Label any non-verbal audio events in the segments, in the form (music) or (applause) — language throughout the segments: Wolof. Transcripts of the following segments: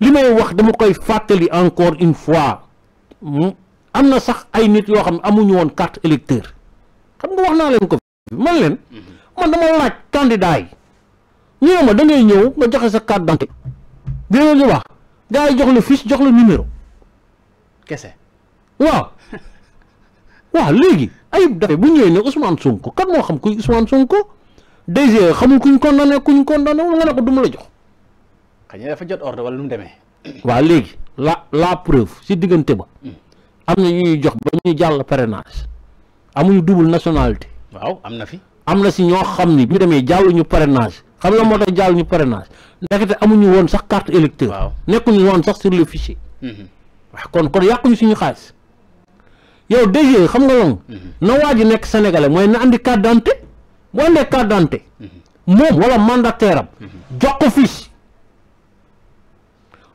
li may wax dama koy fàttali encore une fois am na sax ay nit yoo xam ne amuñu woon carte électeur xam nga wax naa leen ko fi man leen mhm. man dama laaj candidat yi ñu ne ma da ngay ñëw nga joxe sa carte d'identité dina ñu wax yi jox la fiche jox la numéro kese waaw (laughs) waaw léegi ayib dafe bu ñëwee ne Ousmane Sonko kan moo xam kuy Ousmane Sonko DG xamul kuñ condamné kuñ condamné nga ne ko du ma la jox xëy na dafa jot léegi la la preuve si diggante ba. Hmm. am na ñu ñuy jox ba ñu jàll parrainage amuñu double nationalité. waaw am na fi. am na si ñoo xam ni bi ñu demee jàlluñu parrainage xam la moo tax jàlluñu parrainage ndekete amuñu woon sax carte électeur. waaw nekkuñu woon sax sur le fichier. Hmm. waaw kon kon yàquñu suñu xaalis. yow DG xam nga loolu. Hmm. na waa ji nekk sénégalais mooy na andi carte d'identité boo andee carte d'identité moom wala mandataire jox ko fiche.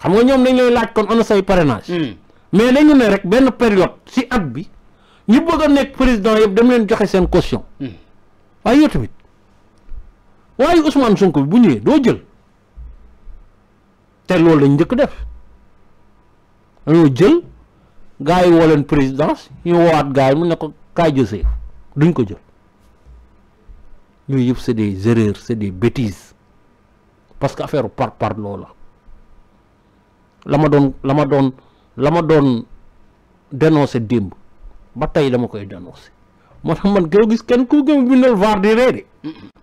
xam nga ñoom dañ laaj kon ana say parrainage hmm. mais dañu ne rek benn période si at bi ñu bëgg a nekk président yëpp dem leen joxe seen caution hmm. waaye yow tamit waaye Ousmane Sonko bi bu ñëwee doo jël te loolu lañ njëkk def dañoo jël gars woo leen présidence ñu woowaat gars yi mu ne ko kaay jësee duñ ko jël yooyu yëpp c'est des erreurs c'est des bêtises parce que affaire par par la la ma doon la ma doon la ma doon dénoncé démb ba tey dama koy dénoncé moo tax man koo gis kenn ku gëm bindal vaar di reede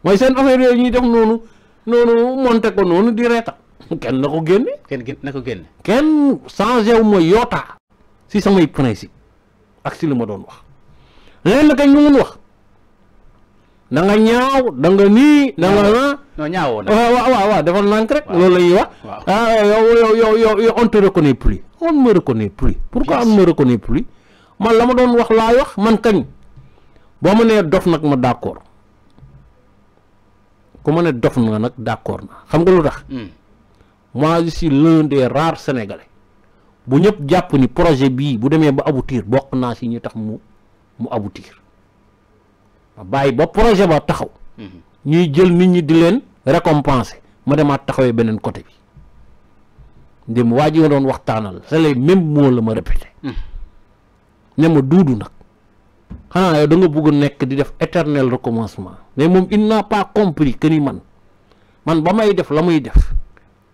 mooy seen affaire yooyu ñuy def noonu noonu monte ko noonu di reeta kenn na ko génne kenn na ko génne kenn changé wu ma yootaa si samay principe ak si li ma doon wax leen na kañ mun wax da nga ñaaw da nii da nga Non, Niao. Ouais, ouais, ouais, ouais, devant l'encre, ouais. on te reconnaît plus. On me reconnaît plus. Pourquoi on me reconnaît plus Man, la ma wax laa wax man kañ boo ma nee dof nag ma d' accord ku ne dof nga nag d' na xam nga lu hmm. moi je suis l'un des rares sénégalais bu ñëpp jàpp ni projet bu ba aboutir tax mu mu aboutir ba projet ba taxaw. Hmm. ñuy jël nit ñi di récompensé ma demaat bien un côté des c'est les mêmes mots que ma répété hmm. ne da éternel recommencement mais il n'a pas compris que ni man man ba may def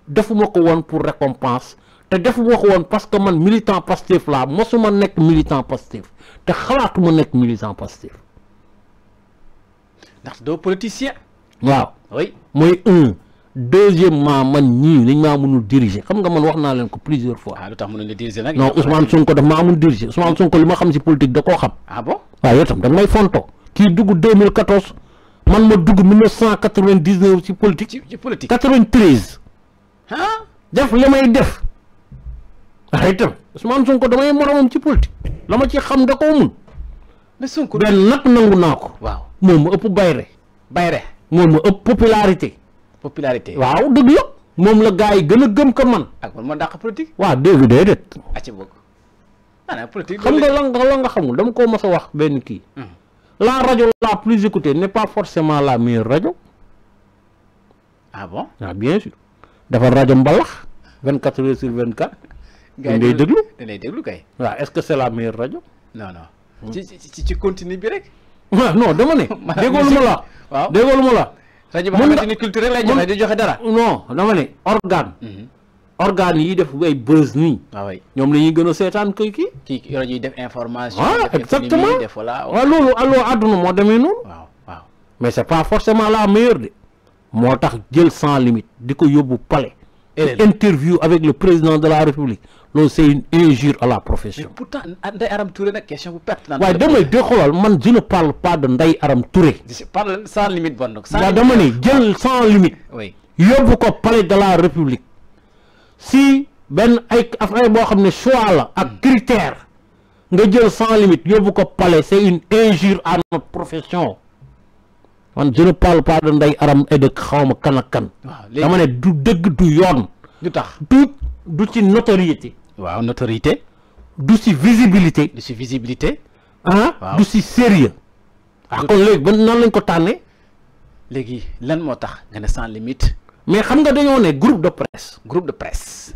def pour récompense te defu parce que man militant un nekk militant te mo nekk militant ndax do politicien waaw oui mooy un deuxièmement man ñii dañ maa mënul diriger xam nga man wax naa leen ko plusieurs fois. ah lu tax diriger nag. non Ousmane Sonko daf maa mun diriger Ousmane Sonko li ma xam si politique da koo xam. ah bon waaw yow tam da nga may fonto kii dugg 2014 man ma dugg 1999 ci politique. ci ci politique 93. ah def li may def. waaye itam Ousmane Sonko damay moromam ci politique la ma ci xam da koo mun. mais Sonko benn nag nangu naa ko. waaw moom ëpp bayre bayre mom ëpp popularité. popularité waaw dëgg la. mom la gaay gëna gëm ko man. ak man ma dakk politique. waaw dégg déedéet. ci bok ana ah, politique. xam nga la nga la nga xamul dama ko mësa wax ben ki hmm. la radio la plus écoutée n'est pas forcément la meilleure radio ah bon ah bien sûr. dafa radio mbalax. 24 heures sur 24. gars yi dañ lay dëgg lu lay kay. waaw est-ce que c'est la meilleure radio non non. Hmm. ci ci ci continue bi rek. waaw non dama ne. (laughs) déggoo lu ma la. (laughs) waaw déggoo lu ma la. rajo boo xamante joxe di joxe dara. non dama ne organe. Mhm. organe yi def ay buzz nii. Ah ñoom la ñuy gën a seetaan kii kii. ci rajo yi def information. Ah, def exactement def voilà loolu allo àdduna moo demee noonu. waaw waaw mais c'est pas forcément la meilleure de. moo tax jël sans limite di ko yóbbu palais. interview avec le président de la République c'est une injure à la profession. mais pourtant Ndeye Arame Touré une question pertinente. waaye damay je ne parle pas de Ndeye Arame Touré. je parle sans limite bon donc. sans limite je dama ne sans limite. oui yóbbu ko parler de la République si ben ay affaire choix la ak hmm. critère nga jël sans limite je ko parler, c'est une injure à notre profession. man je ne parle pas de Ndeye Arame et de xawma kan ak kan. dama ne du dëgg du yoon. du tax du du ci notoriété. waaw notoriété. du ci visibilité. du ci visibilité. ah du ci sérieux ah kon léegi ba noonu lañ ko tànnee. léegi lan moo tax nga ne sans limite. mais xam nga dañoo ne groupe de presse. groupe de presse.